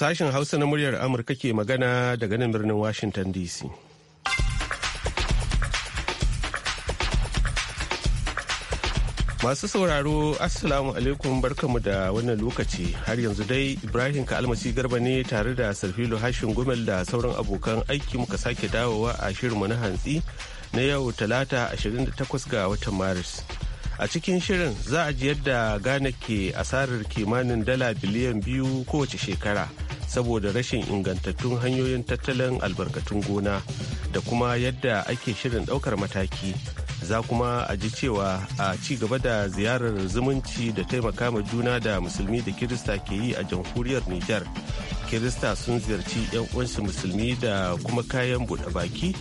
Sashen Hausa na muryar Amurka ke magana daga nan birnin Washington DC. Masu sauraro Assalamu alaikum barkamu da wannan lokaci har yanzu dai Ibrahim Kalmasi Garba ne tare da Sarfilo Hashin Gumel da sauran abokan aiki muka sake dawowa a shirinmu na hantsi na yau talata 28 ga watan Maris. a cikin shirin za a ji yadda gane ke asarar kimanin dala biliyan biyu kowace shekara saboda rashin ingantattun hanyoyin tattalin albarkatun gona da kuma yadda ake shirin daukar mataki za kuma a ji cewa a ci gaba da ziyarar zumunci da taimaka ma juna da musulmi da kirista ke yi a jamhuriyar niger kirista sun ziyarci 'yan uwansu musulmi da kuma kayan buɗe baki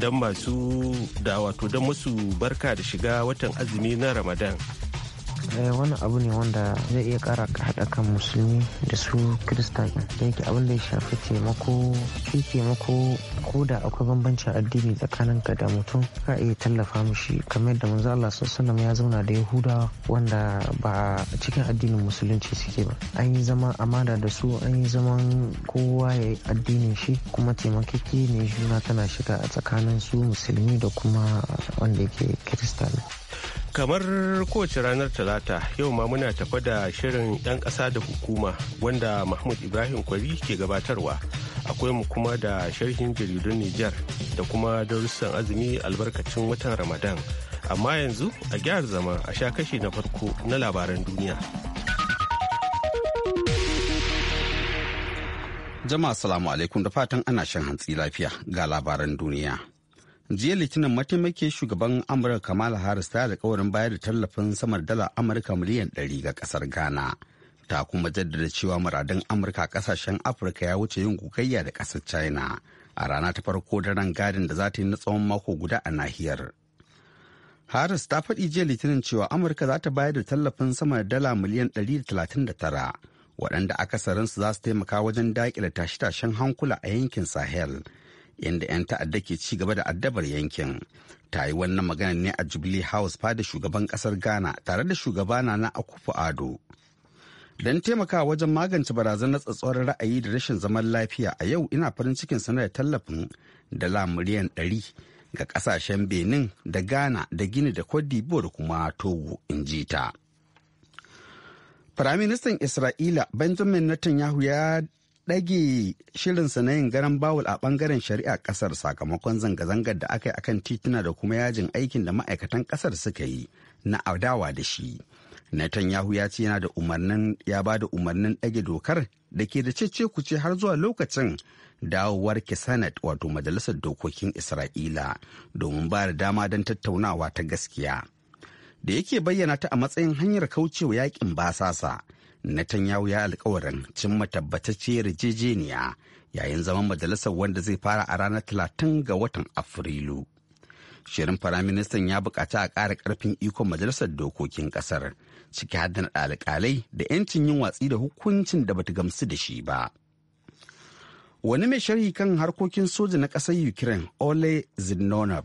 don masu da wato don masu barka da shiga watan azumi na ramadan Eh, wani abu ne wanda zai iya kara haɗa kan musulmi da su kirista da yake abin da ya shafi taimako shi taimako ko da akwai bambancin addini tsakanin ka da mutum ka iya tallafa mishi kamar yadda manzo Allah sallallahu ya zauna da yahuda wanda ba cikin addinin musulunci suke ba an yi zama amana da su an yi zaman kowa ya yi addinin shi kuma taimakeke ne juna tana shiga a tsakanin su musulmi da kuma wanda yake kirista ne kamar kowace ranar talata yau ma muna tafa da shirin 'yan ƙasa da hukuma wanda mahmud ibrahim kwari ke gabatarwa akwai mu kuma da sharhin jaridun nijar da kuma darussan azumi albarkacin watan ramadan amma yanzu a gyar zama a sha kashi na farko na labaran duniya jama'a salamu alaikum da fatan ana shan hantsi lafiya ga labaran duniya jiya litinin mataimakin shugaban amurka kamala harris ta alkawarin bayar da tallafin samar dala amurka miliyan 100 ga kasar ghana ta kuma jaddada cewa muradun amurka kasashen afirka ya wuce yin gugayya da kasar china a rana ta farko da gadin da za ta yi na tsawon mako guda a nahiyar harris ta faɗi jiya litinin cewa amurka za ta bayar da tallafin sama da dala miliyan 139 waɗanda akasarinsu za su taimaka wajen daƙile tashe-tashen hankula a yankin sahel inda 'yan ta'adda ke ci gaba da addabar yankin ta yi wannan magana ne a jubilee house fada shugaban kasar ghana tare da shugaba na Akufu ado don taimakawa wajen magance barazanar tsatsauran ra'ayi da rashin zaman lafiya a yau ina farin cikin sanar da tallafin dala miliyan 100 ga kasashen benin da ghana da gini da cote d'ivoire kuma togo in ji ta Firaministan Isra'ila Benjamin Netanyahu ya ɗage shirinsa na yin garan bawul a ɓangaren shari'a ƙasar sakamakon zanga-zangar da aka yi akan tituna da kuma yajin aikin da ma'aikatan ƙasar suka yi na adawa da shi. Netanyahu ya ce yana da umarnin ya ba da umarnin ɗage dokar da ke da cece ce har zuwa lokacin dawowar Senate wato Majalisar Dokokin Isra'ila domin ba da dama don tattaunawa ta gaskiya. Da yake bayyana ta a matsayin hanyar kaucewa yakin basasa. Netanyahu ya alkawarin cimma tabbatacciyar yarjejeniya yayin zaman majalisar wanda zai fara a ranar talatin ga watan Afrilu. Shirin Firaministan ya bukaci a ƙara ƙarfin ikon majalisar dokokin ƙasar, ciki har da alƙalai da 'yancin yin watsi da hukuncin da bata gamsu da shi ba. Wani mai sharhi kan harkokin soja na ƙasar Ukraine, Ole Zinonov,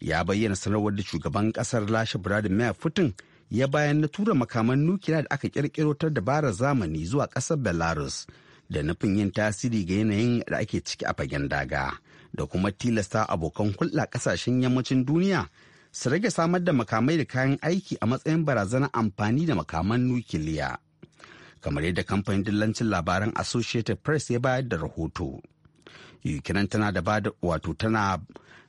ya bayyana sanarwar da shugaban ƙasar Lashe Vladimir Putin ya bayan na tura makaman nukiliya da aka kirkiro ta dabarar zamani zuwa ƙasar belarus da nufin yin tasiri ga yanayin da ake ciki a fagen daga da kuma tilasta abokan hulɗa ƙasashen yammacin duniya su rage samar da makamai da kayan aiki a matsayin barazanar amfani da makaman nukiliya kamar yadda kamfanin dillancin labaran associated press ya bayar da rahoto ukraine tana da bada wato tana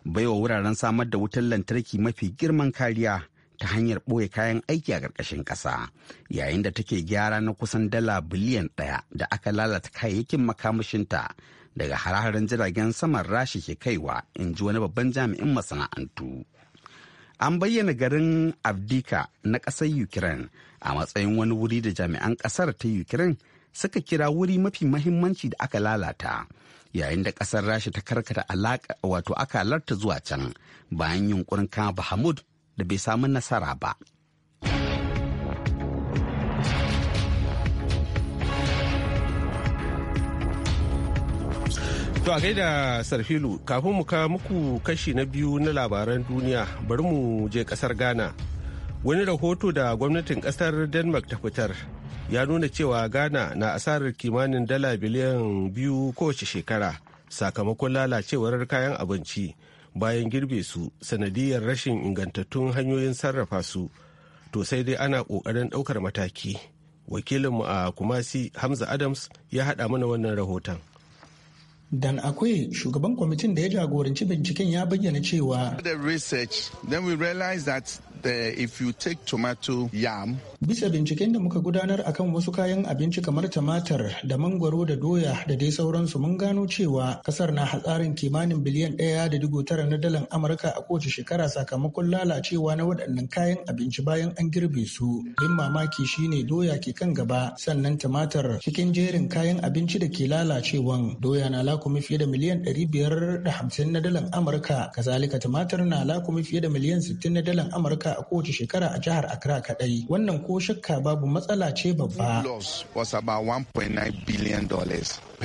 baiwa wuraren samar da wutar lantarki mafi girman kariya ta hanyar ɓoye kayan aiki a ƙarƙashin ƙasa yayin da take gyara na kusan dala biliyan ɗaya da aka lalata kayayyakin makamashinta daga hare-haren jiragen saman rashi ke kaiwa in ji wani babban jami'in masana'antu an bayyana garin avdika na ƙasar ukraine a matsayin wani wuri da jami'an ƙasar ta ukraine suka kira wuri mafi mahimmanci da aka lalata yayin da ƙasar rashi ta karkata alaƙa wato akalarta zuwa can bayan yunkurin kama bahamud da bai samu nasara ba. To a gaida Sarfilu, kafin mu ka muku kashi na biyu na labaran duniya bari mu je kasar Ghana. Wani rahoto da gwamnatin kasar Denmark ta fitar ya nuna cewa Ghana na asarar kimanin dala biliyan biyu kowace shekara sakamakon lalacewar kayan abinci bayan girbe su sanadiyar rashin ingantattun hanyoyin sarrafa su to sai dai ana ƙoƙarin ɗaukar mataki wakilinmu a kumasi hamza adams ya haɗa mana wannan rahoton Dan akwai shugaban kwamitin da ya jagoranci binciken ya bayyana cewa. The research, then we realize that the, if you take tomato yam Bisa binciken da muka gudanar a kan wasu kayan abinci kamar tumatir da mangwaro da doya da dai sauransu mun gano cewa kasar na hatsarin kimanin biliyan ɗaya da digo tara na dalan Amurka a kowace shekara sakamakon lalacewa na waɗannan kayan abinci bayan an girbe su. Bin mamaki shine doya ke kan gaba sannan tumatir cikin jerin kayan abinci da ke lalacewan doya na lakumi fiye da miliyan ɗari biyar da hamsin na dalan Amurka kazalika tumatir na lakumi fiye da miliyan sittin na dalan Amurka a kowace shekara a jihar Accra kaɗai. Wannan ko shakka babu matsala ce babba.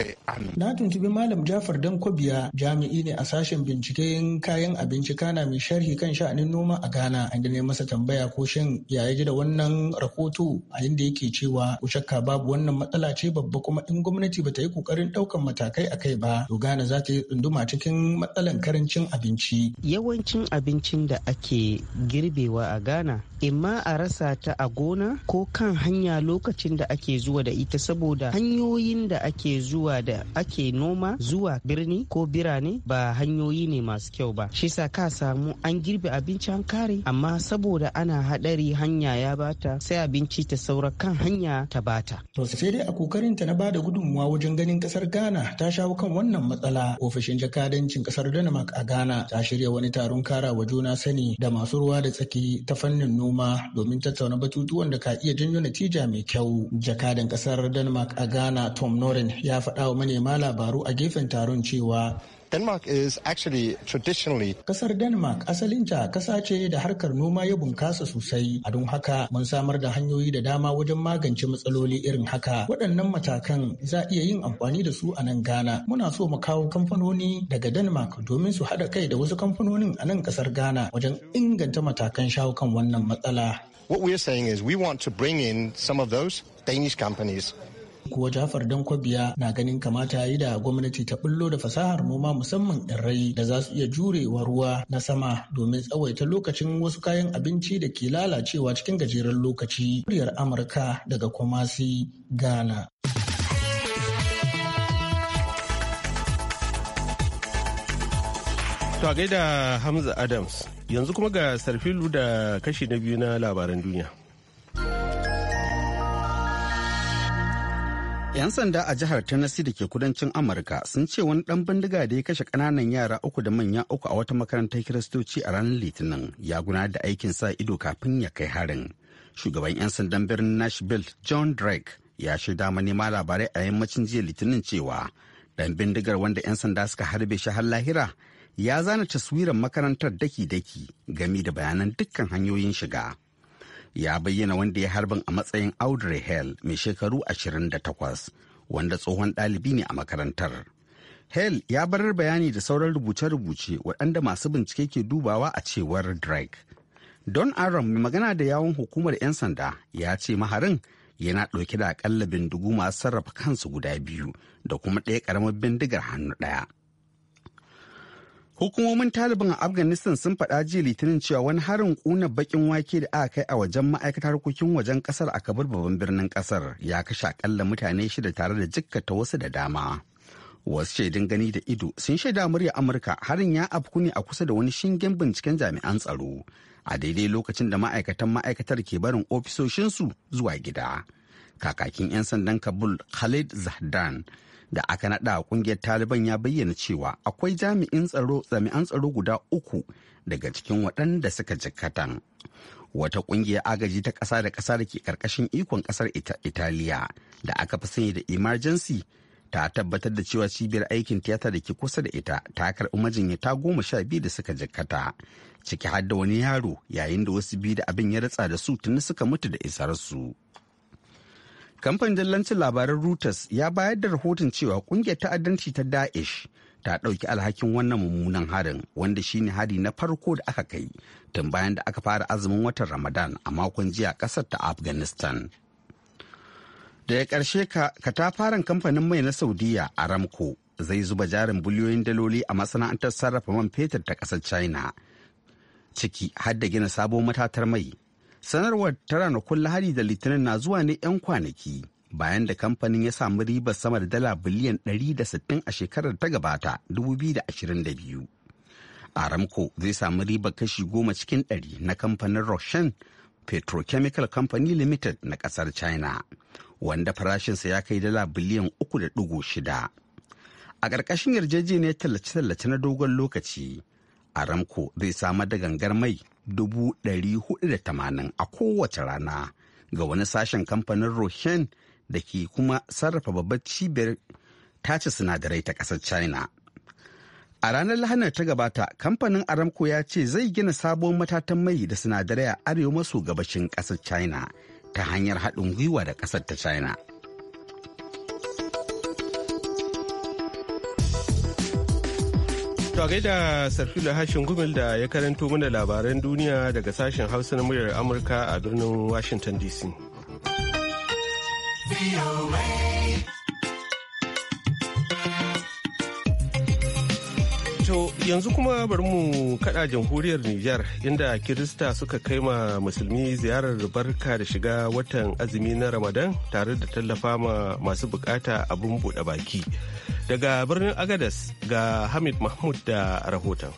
an. Na tuntubi Malam Jafar dan Dankobiya jami'i ne a sashen binciken kayan abinci kana mai sharhi kan sha'anin noma a Ghana inda ne masa tambaya ko shin ya ji da wannan rahoto a inda yake cewa ku shakka babu wannan matsala ce babba kuma in gwamnati ba ta yi kokarin ɗaukan matakai a kai ba to Ghana za ta yi tsunduma cikin matsalan karancin abinci. Yawancin abincin da ake girbewa a Ghana imma a rasa ta a gona ko kan hanya lokacin da ake zuwa da ita saboda hanyoyin da ake zuwa zuwa da ake noma zuwa birni ko birane ba hanyoyi ne masu kyau ba shi sa ka samu an girbe abinci an kare amma saboda ana hadari hanya ya bata sai abinci ta saura kan hanya ta bata to sai dai a kokarin ta na bada gudunmuwa wajen ganin kasar Ghana ta shawo kan wannan matsala ofishin jakadancin kasar Denmark a Ghana ta shirya wani taron kara wa juna sani da masu ruwa da tsaki ta fannin noma domin tattauna batutuwan da ka iya janyo natija mai kyau jakadan kasar Denmark a Ghana Tom Noren ya faɗi faɗa wa manema labaru a gefen taron cewa Denmark is actually traditionally. Kasar Denmark asalinta kasa ce da harkar noma ya bunkasa sosai. A don haka mun samar da hanyoyi da dama wajen magance matsaloli irin haka. Waɗannan matakan za a iya yin amfani da su a nan Ghana. Muna so mu kawo kamfanoni daga Denmark domin su haɗa kai da wasu kamfanonin a nan kasar Ghana wajen inganta matakan shawo kan wannan matsala. What we are saying is we want to bring in some of those Danish companies Kuwa Jafar Dankwabiya na ganin kamata yi da gwamnati ta bullo da fasahar noma musamman rai da za su iya jurewa ruwa na sama domin tsawaita lokacin wasu kayan abinci da ke lalacewa cikin gajeren lokaci. Muryar Amurka daga Kumasi, Ghana. To a gaida Hamza Adams yanzu kuma ga Sarfilu da kashi na biyu na labaran duniya. 'Yan sanda a jihar Tennessee da ke kudancin Amurka sun ce wani ɗan bindiga da ya kashe kananan yara uku da manya uku a wata makarantar Kiristoci a ranar Litinin ya gudanar da aikin sa ido kafin ya kai harin. Shugaban 'yan sandan birnin Nashville John Drake ya shaida nema labarai a yammacin jiya Litinin cewa dan bindigar wanda 'yan sanda suka harbe shi har lahira ya zana taswirar makarantar daki-daki game da bayanan dukkan hanyoyin shiga. ya bayyana wanda ya harbin a matsayin audrey Hell mai shekaru 28 wanda tsohon ɗalibi ne a makarantar Hell ya barar bayani da sauran rubuce-rubuce waɗanda masu bincike ke dubawa a cewar drake don aron mai magana da yawon hukumar 'yan sanda ya ce maharin yana ɗauke da akalla bindigu masu sarrafa kansu guda biyu da kuma ɗaya ƙaramar bindigar hannu ɗaya Hukumomin Taliban a Afghanistan sun faɗa jiya litinin cewa wani harin kuna bakin wake da aka kai a wajen ma'aikatar harkokin wajen ƙasar a kabar babban birnin ƙasar ya kashe akalla mutane shida tare da jikkata wasu da dama. Wasu shaidun gani da ido sun shaida murya Amurka harin ya afku ne a kusa da wani shingen binciken jami'an tsaro a daidai lokacin da ma'aikatan ma'aikatar ke barin ofisoshinsu zuwa gida. Kakakin 'yan sandan Kabul Khalid Zahdan da aka naɗa ƙungiyar taliban ya bayyana cewa akwai jami'in tsaro jami'an tsaro guda uku daga cikin waɗanda suka jikkatan wata ƙungiyar agaji ta ƙasa da ƙasa da ke ƙarƙashin ikon ƙasar italiya da aka fi sani da emergency ta tabbatar da cewa cibiyar aikin tiyata da ke kusa da ita ta karɓi majinyata goma sha biyu da suka jikata ciki har wani yaro yayin da wasu biyu da abin ya ratsa da su tuni suka mutu da isarsu. Kamfanin dillancin labaran Reuters ya bayar da rahoton cewa kungiyar ta'addanci ta Daesh ta ɗauki alhakin wannan mummunan harin wanda shine hari na farko da aka kai tun bayan da aka fara azumin watan Ramadan a makon jiya ƙasar ta Afghanistan. Daga ƙarshe ka ta katafaren kamfanin mai na Saudiya Aramco zai zuba jarin biliyoyin daloli a masana'antar sarrafa man fetur ta ƙasar China. ciki har gina sabon matatar mai sanarwar ta ranakun lahadi da litinin na zuwa ne 'yan kwanaki bayan da kamfanin ya samu ribar sama da dala biliyan 160 a shekarar ta gabata 2022 aramco zai samu ribar kashi goma cikin ɗari na kamfanin roshan petrochemical company limited na kasar china wanda farashinsa ya kai dala biliyan 3.6 a ƙarƙashin yarjejeniyar tallace-tallace na dogon lokaci aramco zai samar da gangar mai 480 a kowace rana ga wani sashen kamfanin roshen da ke kuma sarrafa babbar cibiyar tace sinadarai ta ƙasar China. A ranar Lahanar ta gabata, kamfanin Aramco ya ce zai gina sabon matatan mai da sinadarai a arewa maso gabashin ƙasar China ta hanyar haɗin gwiwa da ƙasar ta China. To gaida Sarfila Hashin gumil da ya karanto mana labaran duniya daga sashen Hausa na muryar Amurka a birnin Washington DC. To yanzu kuma bari mu kada jamhuriyar Nijar inda Kirista suka kai ma musulmi ziyarar barka da shiga watan azumi na Ramadan tare da tallafa ma masu bukata abun buɗe baki. Daga birnin Agadas ga Hamid Mahmud da rahoton.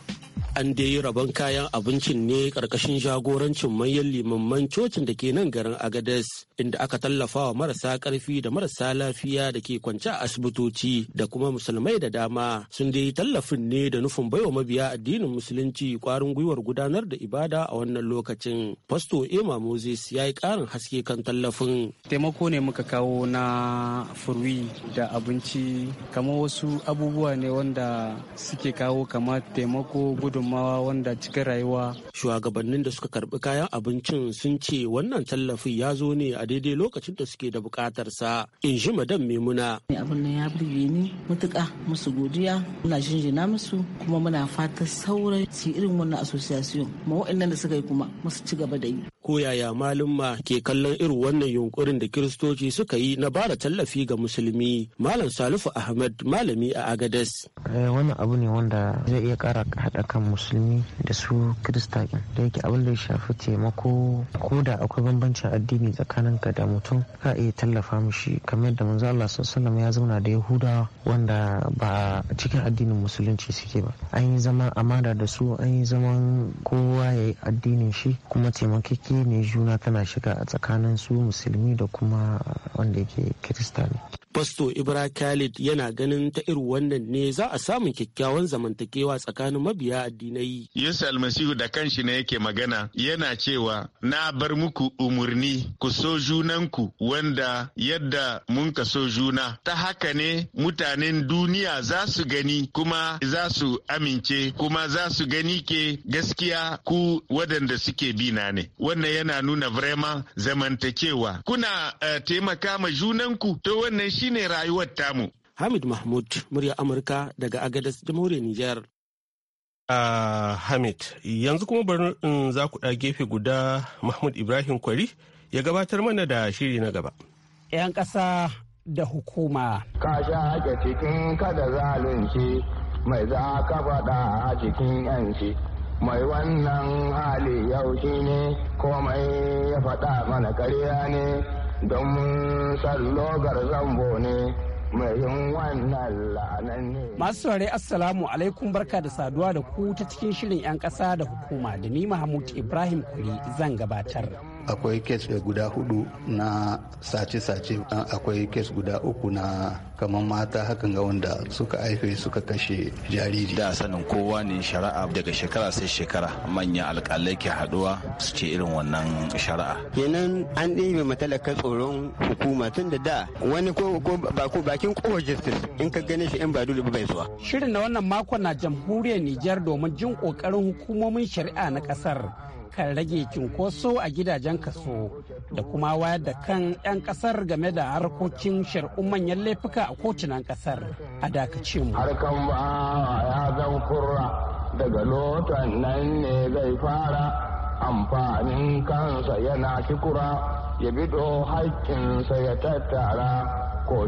an da yi rabon kayan abincin ne karkashin jagorancin manyan limamman cocin da ke nan garin agades inda aka tallafa wa marasa karfi da marasa lafiya da ke kwance a asibitoci da kuma musulmai da dama sun dai tallafin ne da nufin baiwa mabiya addinin musulunci kwarin gwiwar gudanar da ibada a wannan lokacin pasto ema moses ya yi karin haske kan tallafin taimako ne muka kawo na furwi da abinci kamar wasu abubuwa ne wanda suke kawo kamar taimako gudun gudunmawa wanda cikin rayuwa. Shugabannin da suka karbi kayan abincin sun ce wannan tallafi ya zo ne a daidai lokacin da suke da bukatar sa. In ji madam Maimuna. Abin nan ya burge ni mutuka musu godiya muna jinjina musu kuma muna fatan sauran su irin wannan association ma waɗannan da suka yi kuma musu ci gaba da yi. Ko yaya malumma ke kallon irin wannan yunkurin da kiristoci suka yi na bara tallafi ga musulmi malam Salifu Ahmad malami a Agades. Eh, wannan abu ne wanda zai iya kara haɗa kan musulmi da su kirista ɗin da yake abin da ya shafi taimako ko da akwai bambancin addini tsakanin ka da mutum ka iya tallafa mishi kamar yadda manzo Allah sallallahu ya zauna da yahuda wanda ba cikin addinin musulunci suke ba an yi zaman amana da su an yi zaman kowa ya yi addinin shi kuma taimakeke ne juna tana shiga a tsakanin su musulmi da kuma wanda yake kirista ne Fasto Ibra Khalid yana ganin ta irin wannan ne za a samun kyakkyawan zamantakewa tsakanin mabiya addinai. Yesu Almasihu da kanshi ne yake magana yana cewa na bar muku umurni ku so junanku wanda yadda mun ka so juna ta haka ne mutanen duniya za su gani kuma za su amince kuma za su gani ke gaskiya ku waɗanda suke bina ne wannan yana nuna vrema zamantakewa kuna uh, taimaka ma junanku to wannan shi shine rayuwar tamu. Hamid Mahmud, murya Amurka daga Agadez, Jamhuriyar Nijar. Ah, Hamid, yanzu kuma bari in za ku ɗa gefe guda Mahmud Ibrahim Kwari ya gabatar mana da shiri na gaba. 'Yan ƙasa da hukuma. Ka sha haƙe cikin kada zalunci mai za ka faɗa a cikin 'yanci. Mai wannan hali yau shi ne komai ya faɗa mana karya ne. don mun sallogar zambo ne mai yin wannan la'anan ne. Masu saurari Assalamu alaikum barka da saduwa da ku ta cikin shirin 'yan ƙasa da hukuma da ni Mahmud Ibrahim Kuri zan gabatar. akwai kes guda hudu na sace-sace akwai kes guda uku na kamar mata hakan ga wanda suka haife suka kashe jariri da sanin kowa ne shari'a daga shekara sai shekara manyan alkalai ke haduwa su ce irin wannan shari'a kenan an ɗebe matalaka tsoron hukuma tun da da wani ko ko bakin kowar justice in ka gane shi in ba dole bai zuwa shirin na wannan makon na jamhuriyar Nijar domin jin kokarin hukumomin shari'a na kasar kan rage cinkoso a gidajen kaso da kuma wayar da kan 'yan kasar game da harkokin shari'un manyan laifuka a kotunan kasar a dakace mu. Harkan ba ya zan kurra daga lotan nan ne zai fara amfanin kansa yana kikura ya bido haƙƙinsa ya tattara ko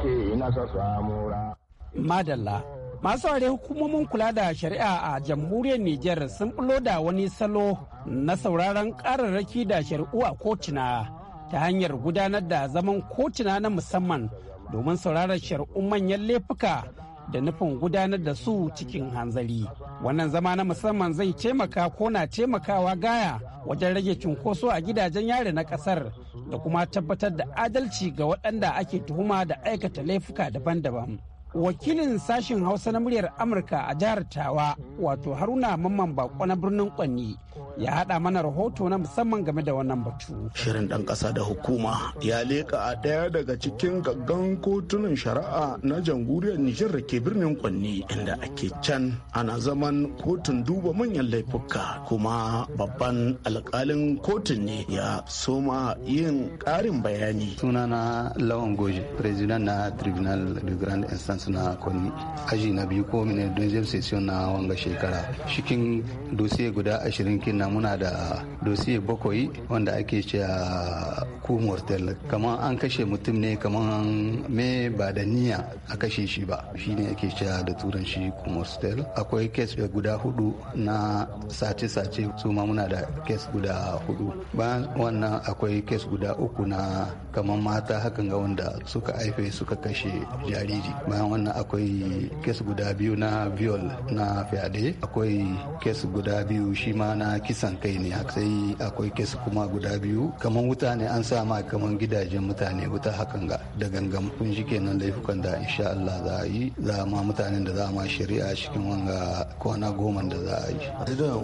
ke nasa samura. Madalla. masu ware hukumomin kula da shari'a a jamhuriyar Nijar sun bulo da wani salo na sauraron kararraki da shari'u a kotuna ta hanyar gudanar da zaman kotuna na musamman domin sauraron shari'un manyan laifuka da nufin gudanar da su cikin hanzari wannan zama na musamman zai taimaka ko na taimakawa gaya wajen rage cunkoso a gidajen yare na kasar da kuma tabbatar da adalci ga waɗanda ake tuhuma da aikata laifuka daban-daban wakilin sashen hausa na muryar amurka a jihar tawa wato haruna mamman bako na birnin kwanni ya haɗa mana rahoto na musamman game da wannan batu shirin ɗan ƙasa da hukuma ya leƙa a daya daga cikin gaggan kotunan shari'a na jamhuriyar nijar da ke birnin kwanni inda ake can ana zaman kotun duba manyan laifuka kuma babban alkalin kotun ne ya soma yin ƙarin bayani sunana lawan goji president na tribunal de grand instance suna kwani aji na biyu ko mine don session na wanga shekara cikin dosiye guda ashirin kina muna da dosiye bakwai wanda ake ce a ku mortal kamar an kashe mutum ne kamar me ba da niyya a kashe shi ba shine ake ce da turanci ku mortal akwai kes guda hudu na sace-sace su ma muna da kes guda hudu bayan wannan akwai kes guda uku na kamar mata hakan ga wanda suka aife suka kashe jariri bayan wannan akwai kes guda biyu na viol na fyaɗe akwai kes guda biyu shi ma na kisan kai ne sai akwai kes kuma guda biyu kamar wuta ne an sa ma kamar gidajen mutane wuta hakan ga da gangan kun shi kenan laifukan da insha Allah za a yi za ma mutanen da za ma shari'a cikin wanga kwana goma da za a yi.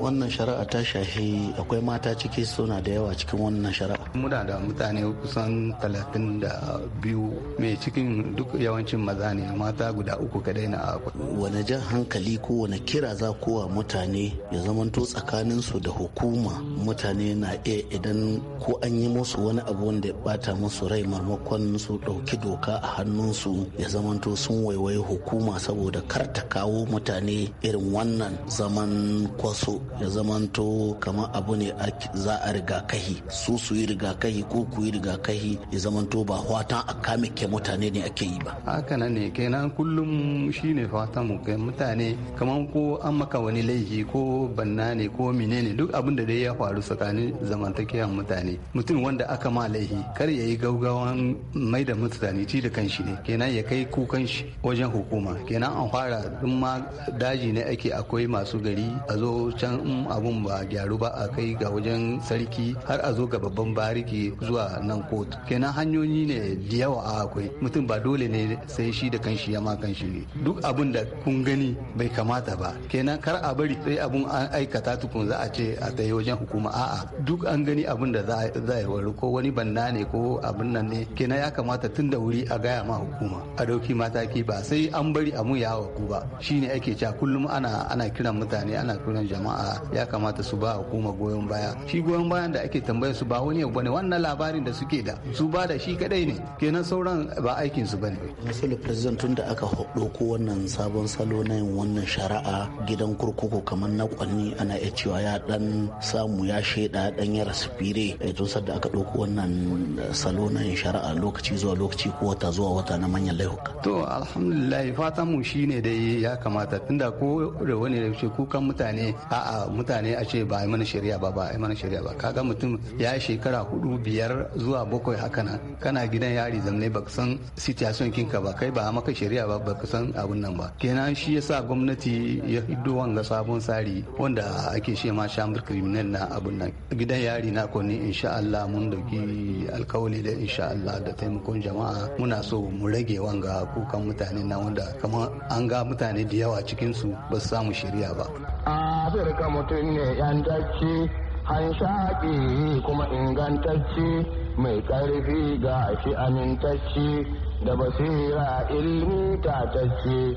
wannan shari'a ta shahi akwai mata ciki suna da yawa cikin wannan shari'a. muna da mutane kusan talatin da biyu mai cikin duk yawancin maza ne amma mata guda uku kadai na akwa wani jan hankali ko wani kira za kowa mutane ya zamanto tsakanin su da hukuma mutane na iya idan ko an yi musu wani abu wanda ya bata musu rai maimakon su ɗauki doka a hannunsu ya zamanto sun waiwayi hukuma saboda kar ta kawo mutane irin wannan zaman kwaso ya zamanto kamar abu ne za a rigakahi su su yi rigakahi ko ku yi rigakahi ya zamanto ba watan a kame ke mutane ne ake yi ba haka nan ne kenan kenan kullum shine fatan mu ga mutane kamar ko an maka wani laifi ko banna ne ko menene duk abin da dai ya faru tsakanin zamantakewa mutane mutum wanda aka ma laifi kar ya yi gaugawan mai da mutane ci da kanshi ne kenan ya kai kukan shi wajen hukuma kenan an fara duk ma daji ne ake akwai masu gari a zo can abun ba gyaru ba a kai ga wajen sarki har a zo ga babban bariki zuwa nan kotu kenan hanyoyi ne da yawa akwai mutum ba dole ne sai shi da kanshi ma kan shi ne duk abin da kun gani bai kamata ba kenan kar a bari sai abun an aikata tukun za a ce a tsaye wajen hukuma a'a duk an gani abin da za a yi wari ko wani banna ne ko abin nan ne kenan ya kamata tun da wuri a gaya ma hukuma a dauki mataki ba sai an bari a mun yawa ku ba shine ake cewa kullum ana ana kiran mutane ana kiran jama'a ya kamata su ba hukuma goyon baya shi goyon bayan da ake tambaya su ba wani bane wannan labarin da suke da su ba da shi kadai ne kenan sauran ba aikin su bane misali president tun da aka ɗauko wannan sabon salo na yin wannan shari'a gidan kurkuku kamar na kwanni ana iya cewa ya dan samu ya shaida dan ya a eh, tun sadda aka ɗauko wannan eh, salo na yin shari'a lokaci zuwa lokaci ko wata zuwa wata na manyan laifuka. To alhamdulillah fata mu shi shine dai ya kamata tunda ko da wani da ce kukan mutane a'a mutane a ce ba a yi mana shari'a ba ba a yi mana shari'a ba kaga mutum ya shekara hudu biyar zuwa bakwai haka nan kana gidan yari zamne baka san situation kinka ba kai ba maka shari'a najeriya ba ba kusan abun nan ba kenan shi yasa gwamnati ya hiddo wanga sabon tsari wanda ake shi ma shamar criminal na abun nan gidan yari na ko ne insha Allah mun dauki alkawali da insha Allah da taimakon jama'a muna so mu rage wanga kukan mutane na wanda kamar an ga mutane da yawa cikin su ba su samu shari'a ba Afirka mutum ne yan dace hanshaƙi kuma ingantacce mai ƙarfi ga shi amintacce da basira ilmi tatacce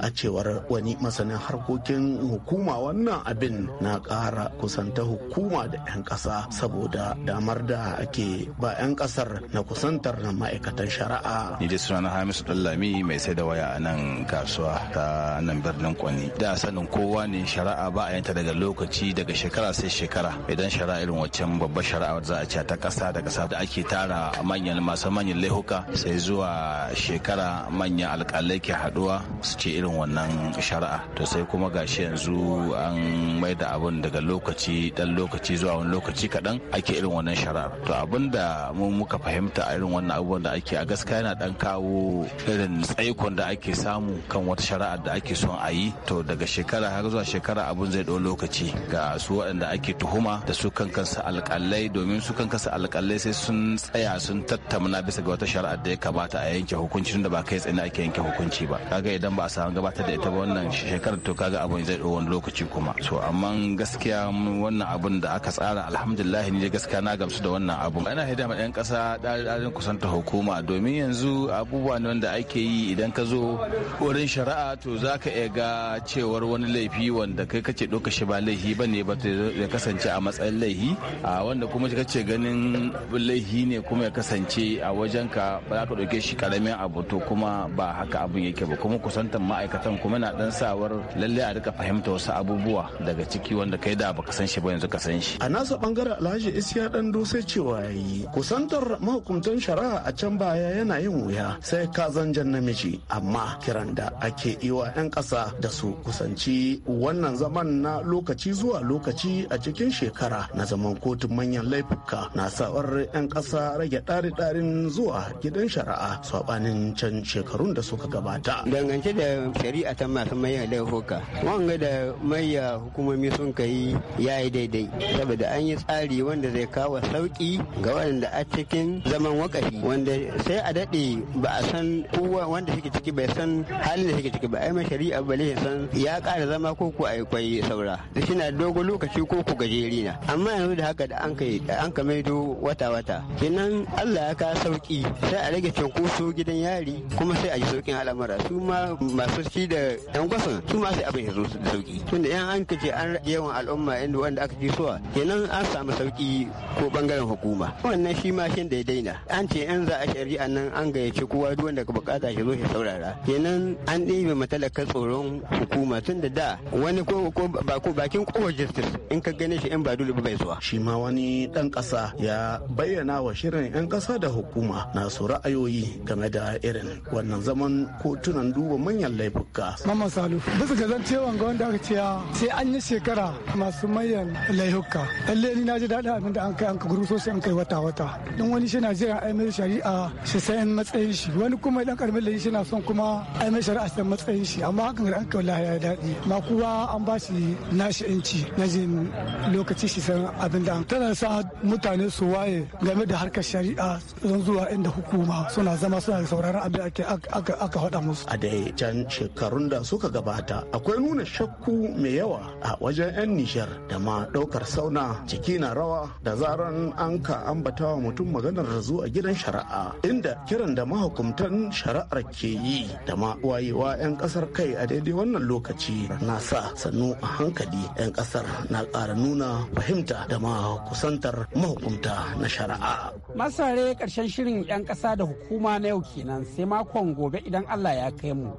A cewar wani masanin harkokin hukuma wannan abin na ƙara kusanta hukuma da 'yan ƙasa saboda damar da ake ba 'yan ƙasar na kusantar na ma'aikatan shari'a. Ni dai suna na Hamisu Dallami mai sai da waya a nan kasuwa ta nan birnin Kwani. Da sanin kowa ne shari'a ba a yanta daga lokaci daga shekara sai shekara idan shari'a irin waccan babbar shari'a za a ce ta kasa da kasa da ake tara manyan masu manyan laihuka sai zuwa shekara shekara manyan alkalai ke haduwa su ce irin wannan shari'a to sai kuma gashi yanzu an mai da abun daga lokaci dan lokaci zuwa wani lokaci kaɗan ake irin wannan shari'ar to abin da mu muka fahimta a irin wannan abubuwan da ake a gaskiya yana dan kawo irin tsaikon da ake samu kan wata shari'a da ake son a yi to daga shekara har zuwa shekara abun zai ɗau lokaci ga su waɗanda ake tuhuma da su kan kansa alƙalai domin su kan kansa alƙalai sai sun tsaya sun tattauna bisa ga wata shari'a da ya kamata a yanke hukuncin da ba kai tsaye ake yanke hukunci ba kaga idan ba a samu gabatar da ita ba wannan shekarar to kaga abun zai dau wani lokaci kuma so amma gaskiya wannan abun da aka tsara alhamdulillah ni gaskiya na gamsu da wannan abun ana hida ma yan kasa dalilin kusanta hukuma domin yanzu abubuwa ne wanda ake yi idan ka zo wurin shari'a to zaka iya ga cewar wani laifi wanda kai kace doka shi ba laifi ba ne ba ya kasance a matsayin laifi a wanda kuma kace ganin laifi ne kuma ya kasance a wajen ka ba za ka shi karamin abu to kuma ba haka abin yake ba kuma kusantar ma'aikatan kuma na dan sawar lalle a rika fahimta wasu abubuwa daga ciki wanda kai da baka san shi ba yanzu ka san shi a nasa bangaren alhaji isya dan dose cewa yayi kusantar mahukuntan shari'a a can baya yana yin wuya sai ka zanjan namiji amma kiran da ake yi wa 'yan kasa da su kusanci wannan zaman na lokaci zuwa lokaci a cikin shekara na zaman kotun manyan laifuka na sawar 'yan ƙasa rage ɗari-ɗarin zuwa gidan shari'a saɓanin can shekarun da suka gabata. Dangance da shari'a ta masu mai laifuka, wanga da mai hukumomi sun kai ya yi daidai, saboda an yi tsari wanda zai kawo sauki ga waɗanda a cikin zaman wakafi wanda sai a daɗe ba a san kowa wanda suke ciki bai san halin da suke ciki ba ai mai shari'a ba ya san ya ƙara zama ko ku ai kwai saura shi na dogon lokaci ko ku gajeri na amma yanzu da haka da an kai an ka maido wata wata kenan Allah ya ka sauki sai a rage cunkoso gidan yari daɗi kuma sai a yi sauƙin al'amura su ma masu ci da yan gwasan su ma sai abin ya zo da sauki tunda yan an kace an yawan al'umma inda wanda aka ji suwa kenan an samu sauƙi ko bangaren hukuma wannan shi ma shin da ya an ce yan za a a nan an gayyace kowa duk wanda ka bukata shi zo ya saurara kenan an ɗebe matalakar tsoron hukuma tunda da wani ko ba ko bakin kowar justice in ka gane shi in ba dole bai zuwa shi ma wani dan ƙasa ya bayyana wa shirin yan ƙasa da hukuma na su ra'ayoyi game da irin wannan zaman kotunan duba manyan laifuka. Mama Salu, bisa ga zan cewa ga wanda aka ce sai an yi shekara masu manyan laifuka. Lalle ni na ji daɗin abin da an kai an ka guru sosai an kai wata-wata. Dan wani shi na jiran ayyukan shari'a shi sai matsayin shi. Wani kuma dan karamin laifi shi na son kuma ayyukan shari'a sai matsayin shi. Amma hakan da an kai wallahi ya daɗi. Ma kuwa an ba shi nashi inci na jin lokaci shi san abin da an. Tana sa mutane su waye game da harkar shari'a zan zuwa inda hukuma suna zama suna sauraron wannan ake aka haɗa musu. A dai can shekarun da suka gabata akwai nuna shakku mai yawa a wajen 'yan Nijar da ma ɗaukar sauna ciki na rawa da zaran an ka ambata wa mutum maganar zuwa gidan shari'a inda kiran da mahukumtan shari'ar ke yi da ma wayewa 'yan ƙasar kai a daidai wannan lokaci na sa sannu a hankali 'yan ƙasar na ƙara nuna fahimta da ma kusantar mahukumta na shari'a. Masare karshen shirin 'yan ƙasa da hukuma na yau kenan sai makon gobe idan Allah ya kai mu.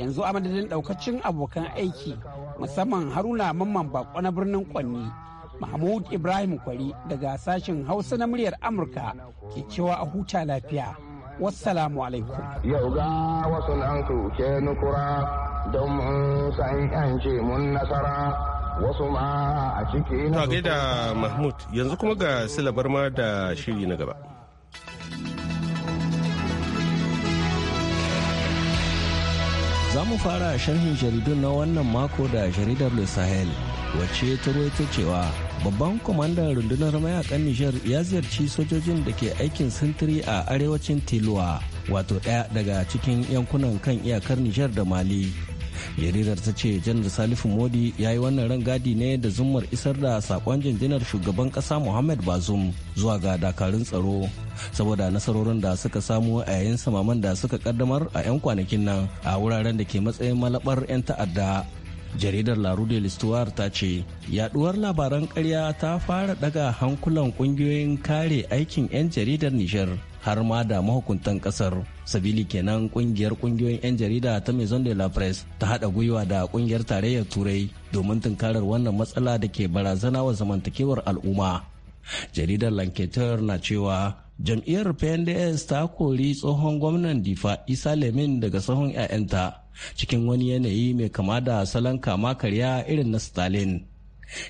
Yanzu a madadin daukacin abokan aiki musamman Haruna Mamman Bako na birnin Kwanni. Mahmud Ibrahim Kwari daga sashen Hausa na muryar Amurka ke cewa a huta lafiya. Wassalamu alaikum. Yau ga wasu nan ke nukura don mun san yanci mun nasara wasu ma a ciki na. da Mahmud yanzu kuma ga silabar ma da shiri na gaba. Za mu fara sharhin jaridun na wannan mako da jaridar Le Sahel, wacce ta ruwaito cewa babban kwamandan rundunar mayakan Nijar ya ziyarci sojojin da ke aikin sintiri a arewacin Tiluwa, wato ɗaya daga cikin yankunan kan iyakar Nijar da Mali. jaridar ta ce janar salifu modi ya yi wannan rangadi ne da zumar isar da sakon jinjinar shugaban kasa muhammad bazum zuwa ga dakarun tsaro saboda nasarorin da suka samu a yayin samaman da suka kaddamar a 'yan kwanakin nan a wuraren da ke matsayin malabar 'yan ta'adda jaridar larude listuwar ta ce yaduwar labaran karya ta fara daga hankulan kungiyoyin kare aikin 'yan jaridar nijar har ma da mahukuntan kasar sabili kenan kungiyar kungiyoyin 'yan jarida ta maison de la presse ta hada gwiwa da kungiyar tarayyar turai domin tunkarar wannan matsala da ke barazana wa zamantakewar al'umma jaridar lanketer na cewa jam'iyyar pnds ta kori tsohon gwamnan difa isa lemin daga sahun 'ya'yanta cikin wani yanayi mai kama da salon kama karya irin na stalin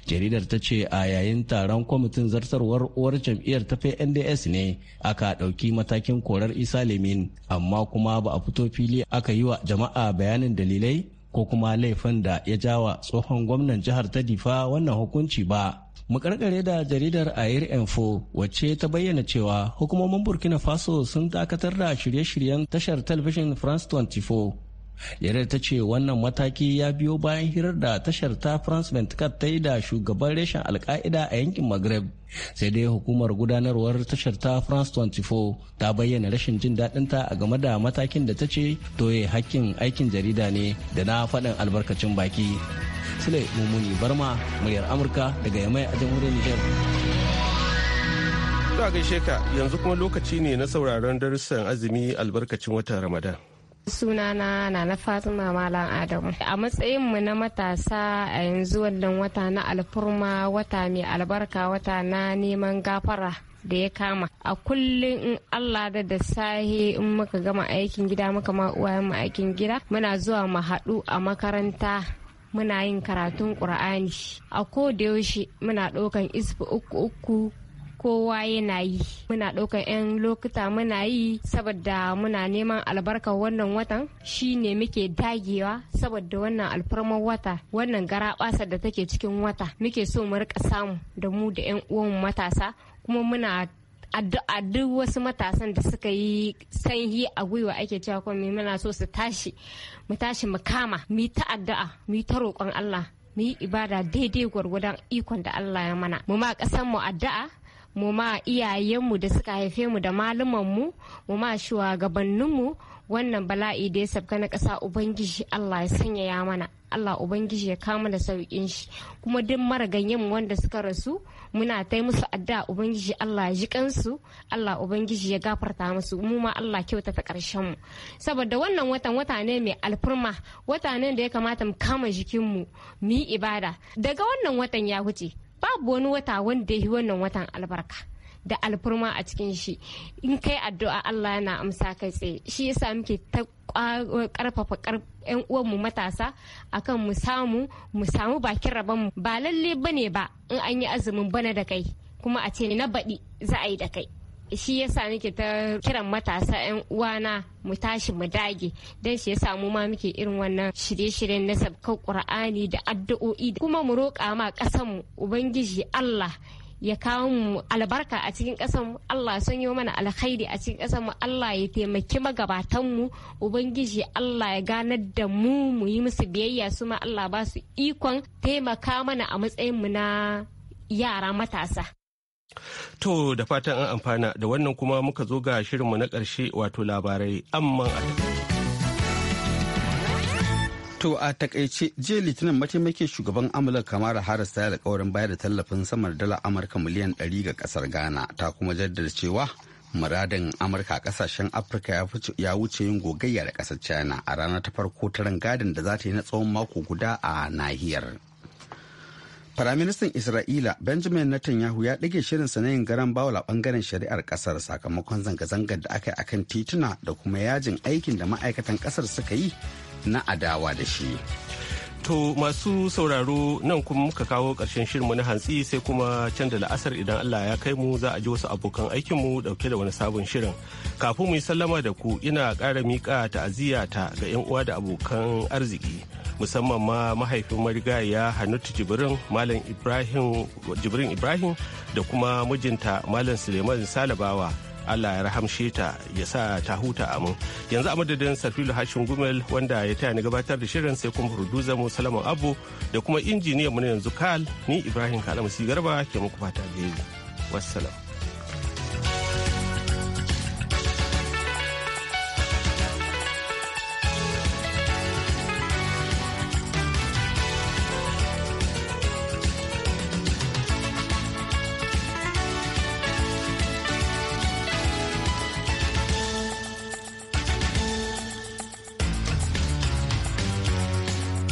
jaridar ta ce a yayin taron kwamitin zartarwar uwar jam'iyyar ta nds ne aka ɗauki matakin korar isa lemin amma kuma ba a fito fili aka yi wa jama'a bayanin dalilai ko kuma laifin da ya jawa tsohon gwamnan jihar ta difa wannan hukunci ba makarkare da jaridar air info wacce ta bayyana cewa hukumomin burkina faso sun dakatar da shirye-shiryen tashar talabijin france 24 Yarar ta ce wannan mataki ya biyo bayan hirar da tashar ta France 24 ta yi da shugaban reshen alka'ida a yankin Maghreb. Sai dai hukumar gudanarwar tashar ta France 24 ta bayyana rashin jin daɗinta a game da matakin da ta ce toye hakkin aikin jarida ne da na faɗin albarkacin baki. Sule mummuni Barma, muryar Amurka daga Yamai a jamhuriyar niger. gaishe ka yanzu kuma lokaci ne na sauraron darussan azumi albarkacin watan Ramadan. Sunana na na Fatima Malam Adamu. A matsayinmu na matasa a yanzu wannan wata na alfurma wata mai albarka wata na neman gafara da ya kama a kullum in Allah da da sahi in muka gama aikin gida muka ma uwayen mu aikin gida muna zuwa mu haɗu a makaranta muna yin karatun ƙur'ani a ko da yaushe muna ɗaukan isfi uku uku kowa yana yi muna ɗaukar 'yan lokuta muna yi saboda muna neman albarkar wannan watan shi ne muke dagewa saboda wannan alfarmar wata wannan garaɓasa da take cikin wata muke so mu rika samu da mu da 'yan uwan matasa kuma muna addu'a duk wasu matasan da suka yi sanyi a gwiwa ake cewa kuma mai muna so su tashi mu tashi mu kama mu yi ta addu'a mu yi ta roƙon Allah mu yi ibada daidai gwargwadon ikon da Allah ya mana mu ma kasan mu addu'a mu ma iyayenmu da suka haife mu da malumanmu mu ma shugabanninmu wannan bala'i da ya sabka na ƙasa ubangiji allah ya sanya ya mana allah ubangiji ya kama da sauƙin shi kuma duk maraganyen wanda suka rasu muna ta musu adda ubangiji allah ya ji kansu allah ubangiji ya gafarta musu mu ma allah kyauta ta ƙarshen mu saboda wannan watan wata ne mai alfurma wata ne da ya kamata mu kama jikinmu mu yi ibada daga wannan watan ya wuce babu wani wata wanda yi wannan watan albarka da alfurma a cikin shi in kai addu'a Allah yana amsa kai tsaye shi yasa muke ta karfafa yan uwanmu matasa akan mu samu mu samu bakin rabon mu ba lalle bane ba in an yi azumin bana da kai kuma a ce na baɗi za a yi da kai shi yasa nake ta kiran matasa 'yan uwana mu tashi mu dage don shi yasa samu ma muke irin wannan shirye-shiryen na sabkar qur'ani da addu'o'i kuma mu roƙa ma ƙasan mu ubangiji Allah ya kawo mu albarka a cikin ƙasan mu Allah son yi mana alkhairi a cikin ƙasan mu Allah ya taimaki magabatan mu ubangiji Allah ya ganar da mu mu yi musu biyayya su ma Allah ba su ikon taimaka mana a matsayin mu na yara matasa To da fatan an amfana da wannan kuma muka zo ga shirinmu na ƙarshe wato labarai amma a To a takaice jiya litinin mataimakin shugaban Amurka kamar Harris ta yi alkawarin bayar da tallafin samar dala Amurka miliyan 100 ga kasar Ghana ta kuma jaddada cewa muradin Amurka kasashen Afirka ya wuce yin gogayya da kasar China a ranar ta farko ta rangadin da za ta yi na tsawon mako guda a nahiyar. Firaministan Isra'ila Benjamin Netanyahu ya ɗage shirin sa na yin garan bawul a ɓangaren shari'ar ƙasar sakamakon zanga-zangar da aka yi akan tituna da kuma yajin aikin da ma'aikatan ƙasar suka yi na adawa da shi. To masu sauraro nan kuma muka kawo ƙarshen shirinmu na hantsi sai kuma can da la'asar idan Allah ya kai mu za a ji wasu abokan aikinmu ɗauke da wani sabon shirin. Kafin mu yi sallama da ku ina ƙara miƙa ta'aziyya ga 'yan uwa da abokan arziki. musamman ma mahaifin marigaya hannatu jibrin malam ibrahim ibrahim da kuma mijinta malam suleiman salabawa allah ya rahamshe ta ya sa ta huta amin yanzu a madadin sarfilu hashin gumel wanda ya taya ni gabatar da shirin sai kuma producer mu salamun abu da kuma injiniyan mu yanzu kal ni ibrahim kalamu garba ke muku fata biyu wassalam